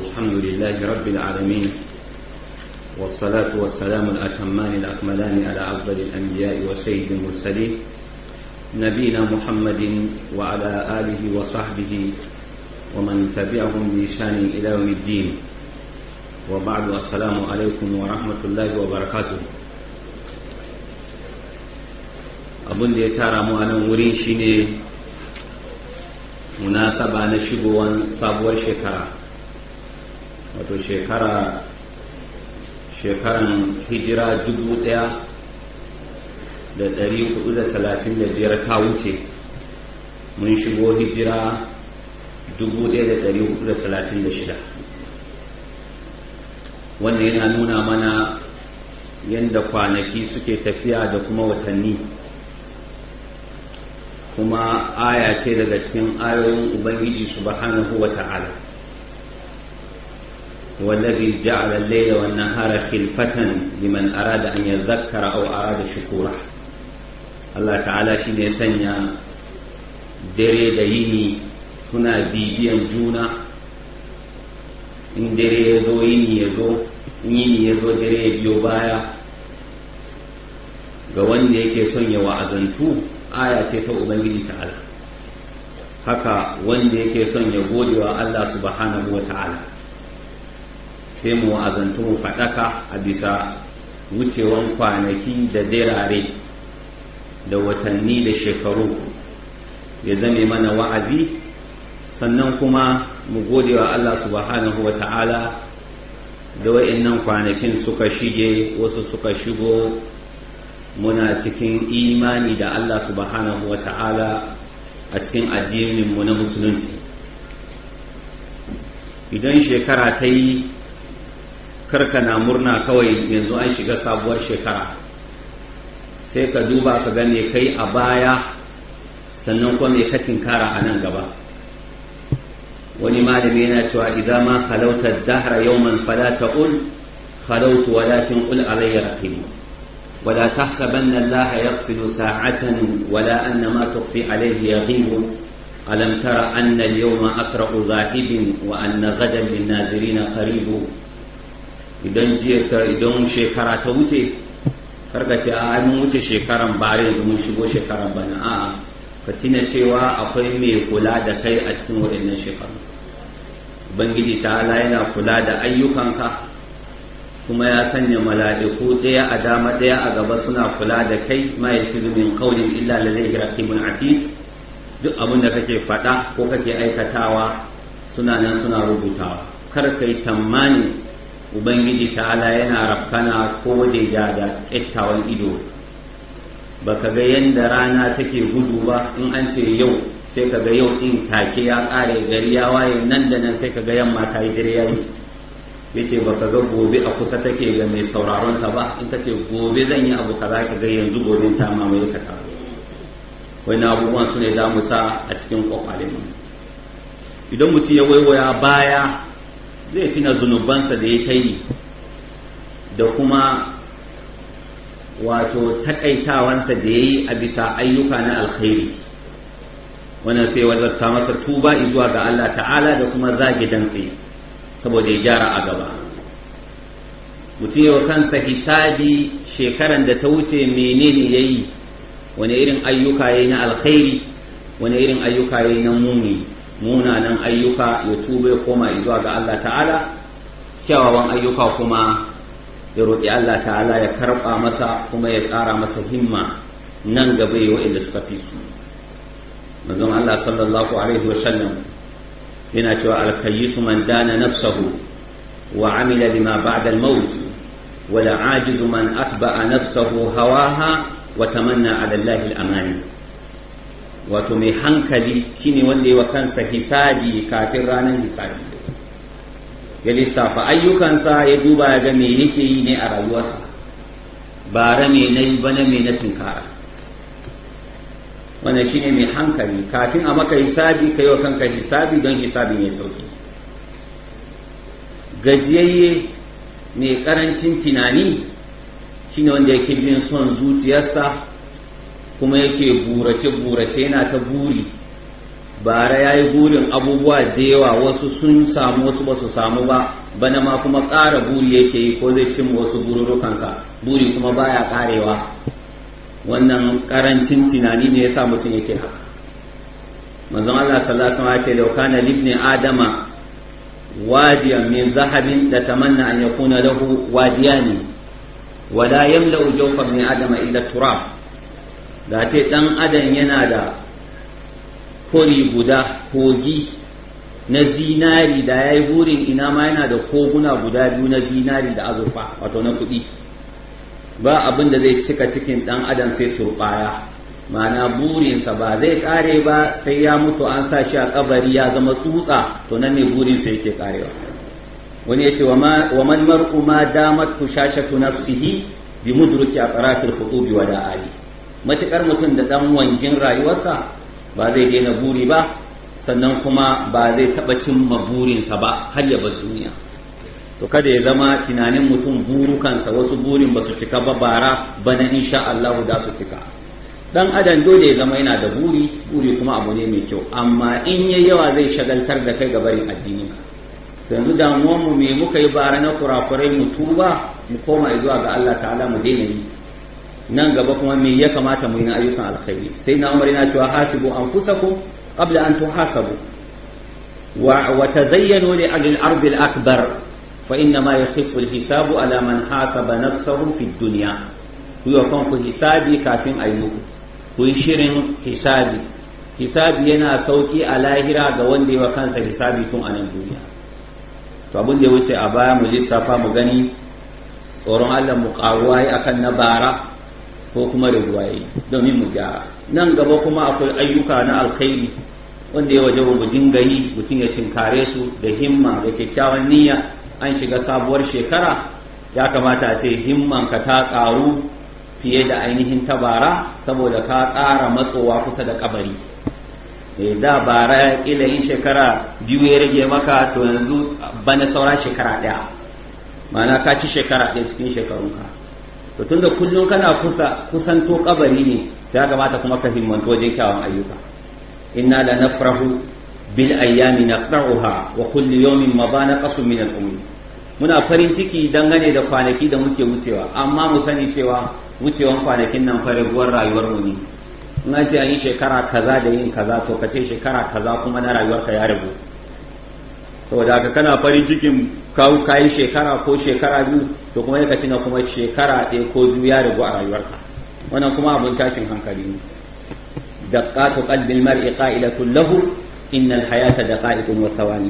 الحمد لله رب العالمين والصلاة والسلام الأتمان الأكملان على أفضل الأنبياء وسيد المرسلين نبينا محمد وعلى آله وصحبه ومن تبعهم بإشان إلى يوم الدين وبعد السلام عليكم ورحمة الله وبركاته abin da ya tara mu a nan wurin shine munasaba na shigowar sabuwar shekara wato shekara shekaran hijira dubu ɗaya da ɗari hudu da talatin da biyar ta wuce mun shigo hijira dubu ɗaya da ɗari hudu da talatin da shida wanda yana nuna mana yadda kwanaki suke tafiya da kuma watanni kuma aya ce daga cikin ayoyin ubangiji subhanahu wa ta'ala هو الذي جعل الليل والنهار خلفة لمن أراد أن zakkara أو أراد shukura. Allah ta'ala shi ne sanya dare da yini suna bibiyan juna in dare ya zo yini ya zo yini ya zo dare ya biyo baya ga wanda yake son ya wa'azantu aya ce ta ubangiji ta'ala haka wanda yake son ya gode wa Allah subhanahu wa ta'ala sai mu wa'azantu mu faɗaka a bisa wucewan kwanaki da dirare da watanni da shekaru ya zame mana wa'azi sannan kuma mu gode wa Allah subhanahu wa ta'ala da wa'innan kwanakin suka shige wasu suka shigo muna cikin imani da Allah subhanahu wa ta'ala a cikin addininmu na musulunci idan shekara ta yi karka na murna kawai yanzu an shiga sabuwar shekara sai ka duba ka gane kai a baya sannan kuma mai katin kara a nan gaba wani malami yana cewa idan ma halauta dahra yawman fala ta'ul halautu walakin ul alayya raqib wala tahsabanna Allah yaghfilu sa'atan wala anna ma tukfi alayhi yaghib alam tara anna al-yawma asra'u dhahibin wa anna ghadan lin-nazirin qaribu idan ta idan shekara ta wuce karka ce a mun wuce shekaran bare yanzu mun shigo shekaran bana a'a ka tina cewa akwai mai kula da kai a cikin waɗannan shekaru bangiji ta ala yana kula da ayyukanka kuma ya sanya mala'iku ɗaya a dama ɗaya a gaba suna kula da kai ma fi min qawlin illa ladayhi raqibun atid duk abin da kake faɗa ko kake aikatawa suna nan suna rubutawa kar kai tammanin ubangiji ta ala yana rafkana ko da da ƙettawan ido Ba ka ga yadda rana take gudu ba in an ce yau sai ka ga yau in take ya ƙare gari ya waye nan da nan sai ka ga yamma ta yi dare yayi ba ka ga gobe a kusa take ga mai sauraron ta ba in ka ce gobe zan yi abu kaza ka ga yanzu gobe ta mamaye ka ta wani abubuwan su ne za mu sa a cikin kwakwalin idan mutum ya waiwaya baya zai tuna zunubansa da ya kai da kuma wato takaitawansa da ya yi a bisa ayyuka na alkhairi wannan sai wazarta masa tuba zuwa ga Allah ta'ala da kuma zagidan dantse saboda ya gyara a gaba mutum yau kansa hisabi shekaran da ta wuce menene ya yi wani irin ayyuka ya yi na alkhairi wani irin ayyuka ya yi na muni munanan ayyuka ya tuba ya koma zuwa ga Allah ta'ala kyawawan ayyuka kuma ya roƙi Allah ta'ala ya karɓa masa kuma ya ƙara masa himma nan gaba ya wa'inda suka fi su manzon Allah sallallahu alaihi sallam yana cewa alkayisu man dana nafsahu wa amila lima ba'da al-maut wal ajizu man atba'a nafsahu hawaha wa tamanna ala Allah al-amani wato mai hankali shine wanda yawa kansa hisabi kafin ranar hisabi ya lissafa ayyukansa ya duba ya ga me yake yi ne a rayuwarsa bara me na yi na me na tunkara wannan shine mai hankali kafin a maka hisabi ka yi wa kanka hisabi don hisabi mai sauki gajiyayye mai karancin tunani shine wanda yake bin son zuciyarsa kuma yake burace burace yana ta buri bara ya yi burin abubuwa da yawa wasu sun samu wasu ba su samu ba bana ma kuma ƙara buri yake yi ko zai cin wasu bururukansa buri kuma baya karewa wannan karancin tunani ne yasa mutum yake haka manzon Allah sallallahu alaihi wasallam ya ce kana libni adama wadiyan min zahabin da tamanna an yakuna lahu wadiyani wala yamla'u jawfa min adama illa turab da ce ɗan adam yana da kori guda kogi na zinari da ya yi burin ina ma yana da koguna guda biyu na zinari da azurfa wato na kuɗi ba abin da zai cika cikin ɗan adam sai turɓaya ma'ana burinsa ba zai ƙare ba sai ya mutu an sa shi a kabari ya zama tsutsa to nan ne burinsa yake ƙarewa wani ya ce wa man mar'u ma damat kushashatu nafsihi bi mudruki a qarafil khutubi wa da'ali matukar mutum da ɗan wangin rayuwarsa ba zai daina buri ba sannan kuma ba zai taɓa cimma burinsa ba har ya bar duniya to kada ya zama tunanin mutum burukansa wasu burin ba su cika ba bara bana insha Allah da su cika Ɗan adam dole ya zama yana da buri buri kuma abu ne mai kyau amma in yayi yawa zai shagaltar da kai gabarin addini sai yanzu damuwar mu me muka yi bara na kurakurai mu tuba mu koma zuwa ga Allah ta'ala mu daina yi nan gaba kuma me ya kamata mu yi na ayyukan alkhairi sai na umar yana cewa hasibu anfusakum qabla an tuhasabu wa wa tazayyanu li ajli al-ard al-akbar fa inna ma yakhifu al-hisabu ala man hasaba nafsahu fi dunya ku yi kanku hisabi kafin ayi muku ku yi shirin hisabi hisabi yana sauki a lahira ga wanda ya wa kansa hisabi tun a nan duniya to abin da ya wuce a baya mu lissafa mu gani tsoron Allah mu karuwa akan na bara ko kuma da yi domin mu gyara nan gaba kuma akwai ayyuka na alkhairi wanda ya waje mu dinga yi mutum ya tinkare su da himma da kyakkyawan niyya an shiga sabuwar shekara ya kamata a ce ka ta karu fiye da ainihin tabara saboda ka ƙara matsowa kusa da kabari eh, da bara ila yin shekara biyu ya rage maka to yanzu bana saura shekara ɗaya ma'ana ka ci shekara ɗaya cikin shekarunka to tunda kullum kana kusa kusanto kabari ne to ya kamata kuma ka himmanto wajen kyawun ayyuka inna la nafrahu bil ayyami naqra'uha wa kullu yawmin mabana qasu min al muna farin ciki dangane da kwanaki da muke wucewa amma mu sani cewa wucewan kwanakin nan farin rayuwar mu ne in an ce an yi shekara kaza da yin kaza to ka ce shekara kaza kuma na rayuwarka ya rabu saboda haka kana farin cikin kawo kayi shekara ko shekara biyu to kuma ya na kuma shekara ɗaya ko biyu ya rigu a rayuwarka wannan kuma abun tashin hankali ne Da daqqatu qalbil mar'i qa'ilatun lahu innal hayata daqa'iqun wa sawani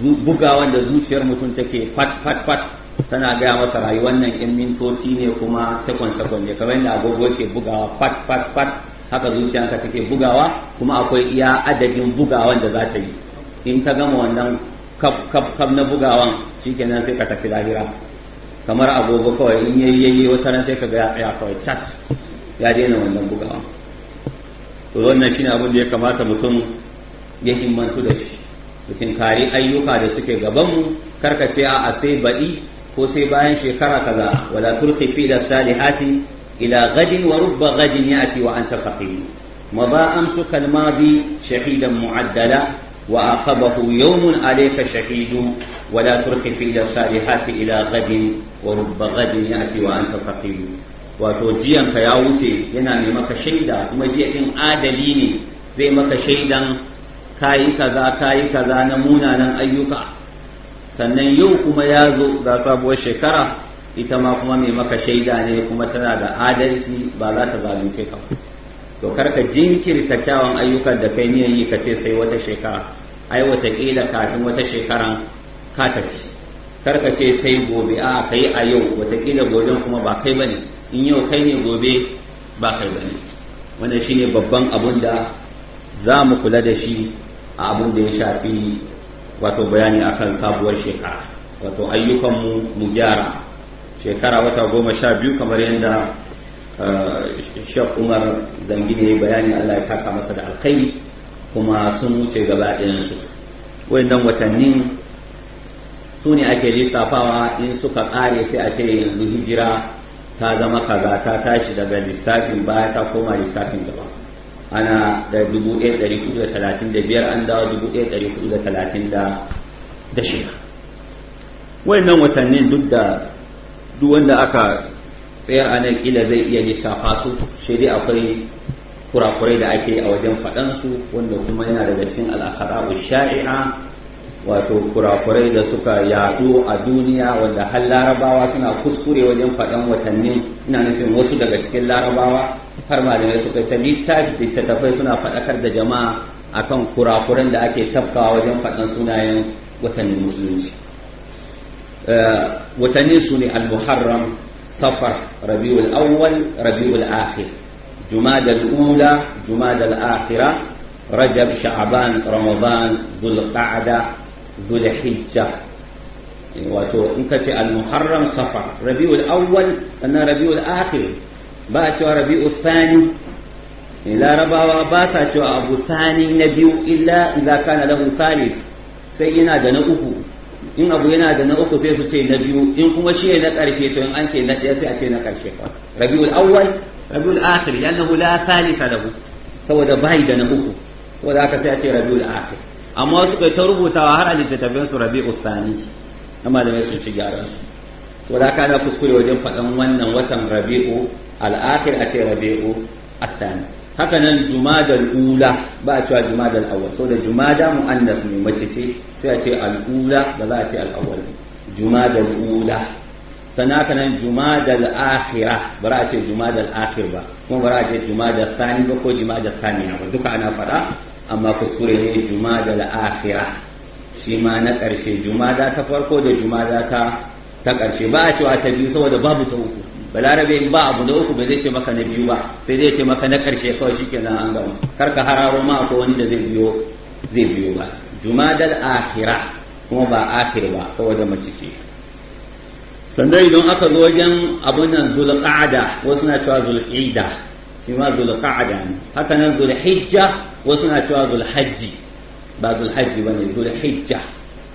bugawan da zuciyar mutum take fat fat fat tana gaya masa rayuwar nan in mintoci ne kuma sekon sekon ne kamar yadda agogo ke bugawa fat fat fat haka zuciyarka take bugawa kuma akwai iya adadin bugawan da za ta yi in ta gama wannan kaf kaf kaf na bugawan shikenan sai ka tafi lahira kamar agogo kawai in yayi yayi wata ran sai ka ga ya tsaya kawai chat ya daina wannan bugawa to wannan shine abin da ya kamata mutum ya himmantu da shi mutum kare ayyuka da suke gabanmu karka ce a sai baɗi ko sai bayan shekara kaza wala turqi fi da salihati ila gadin wa rubba gadin ya'ti wa anta faqir madha amsuka al-madi shahidan mu'addala وعاقبه يوم عليك شهيد ولا ترك في الصالحات إلى غد ورب غد يأتي وأنت فقير wato jiyan ka ya wuce yana mai maka shaida kuma jiya din adali ne zai maka shaidan kayi kaza kayi kaza na munanan ayyuka sannan yau kuma ya zo ga sabuwar shekara ita ma kuma mai maka shaida ne kuma tana da adalci ba za ta zalunce ka to karka jinkirta kyawun ayyukan da kai niyan yi ka ce sai wata shekara ai wataƙila kafin wata shekaran ka tafi karka ce sai gobe a ka yi a yau wataƙila gobe kuma ba kai bane in yau kai ne gobe ba kai bane wannan shine babban abun da za mu kula da shi a abun da ya shafi wato bayani akan sabuwar shekara wato ayyukanmu mu gyara shekara wata goma sha biyu kamar yadda Sheikh umar zangine bayani allah ya saka masa da alkhairi kuma sun wuce gaba ɗayansu wayannan watannin su ne ake lissafawa in suka ƙare sai a ce yanzu hijira ta zama kaza ta tashi daga lissafin baya ta koma lissafin gaba ana da 1435 an dawo 1436 wayannan watannin duk da duk wanda aka tsayar a nan kila zai iya lissafa su shi dai akwai kurakurai da ake a wajen faɗansu wanda kuma yana daga cikin al'akara sha'i'a wato kurakurai da suka yadu a duniya wanda har larabawa suna kuskure wajen faɗan watanni ina nufin wasu daga cikin larabawa har malamai suka ta littattafai suna faɗakar da jama'a akan kurakuran da ake tafkawa wajen faɗan sunayen watannin musulunci eh, watannin su ne al-muharram safar rabiul awwal rabiul akhir jumada al-ula da al-akhira rajab sha'ban ramadan dhul qa'da dhul hijja wato in ka ce al-muharram safar rabiul awwal sannan rabiul akhir ba a cewa rabiul thani larabawa ba sa cewa abu thani na biyu illa idza kana lahu thalith sai yana da na uku in abu yana da na uku sai su ce na biyu in kuma shi ne na ƙarshe to in an ce na ɗaya sai a ce na ƙarshe fa rabiul awwal rabiul akhir yannahu la thalitha lahu saboda bai da na uku saboda haka sai a ce rabiul akhir amma wasu kai ta rubutawa har a littattafin su rabiul thani amma da mai su ci gyaran su saboda haka kuskure wajen faɗan wannan watan rabi'u al-akhir a ce rabi'u athani haka nan jumadal ula ba a cewa jumadal awwal saboda jumada mu'annas ne mace ce sai a ce al'ula ba za a ce al'awwal da ula sannan haka nan jumadal akhira ba za a ce jumadal akhir ba kuma ba za a ce jumadal sani ba ko jumadal sani ba duka ana faɗa amma kuskure ne jumadal akhira shi ma na ƙarshe jumada ta farko da jumada ta ta ƙarshe ba a cewa ta biyu saboda babu ta uku balarabe in ba abu da uku ba zai ce maka na biyu ba sai zai ce maka na ƙarshe kawai shikenan an gama kar ka hararo ma ko wani da zai biyo zai biyo ba jumadal akhira kuma ba akhir ba saboda mace ce sanda idan aka zo wajen abun nan zulqa'ada wasu na cewa zulqa'ida shi ma zulqa'ada ne haka nan zulhijja wasu na cewa zulhajji ba zulhajji bane zulhijja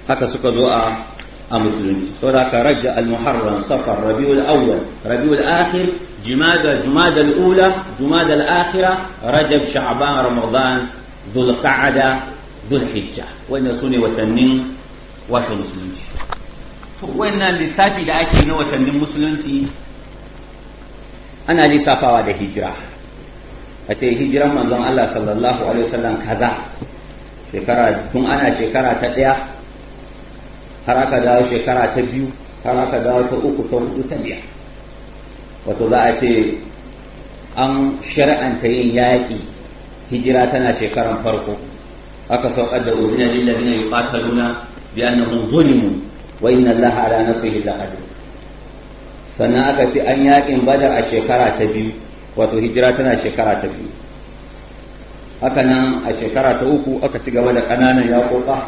haka suka zo a a musulunci saboda ka rajja al-muharram safar rabiul awwal rabiul akhir jumada jumada al-ula jumada al-akhira rajab sha'ban ramadan dhul zulhijja wannan sune watannin wato musulunci to wannan lissafi da ake na watannin musulunci ana lissafawa da hijira a ce hijiran manzon Allah sallallahu alaihi wasallam kaza shekara tun ana shekara ta ɗaya har aka dawo shekara ta biyu har aka dawo ta uku ta hudu ta biyar wato za a ce an shari'anta yin yaƙi hijira tana shekaran farko aka sauƙar da udina lil ladina yuqataluna bi annahum zulimu wa inna allaha ala nasrihi laqadir sannan aka ce an yaƙin badar a shekara ta biyu wato hijira tana shekara ta biyu haka nan a shekara ta uku aka ci gaba da ƙananan yaƙoƙa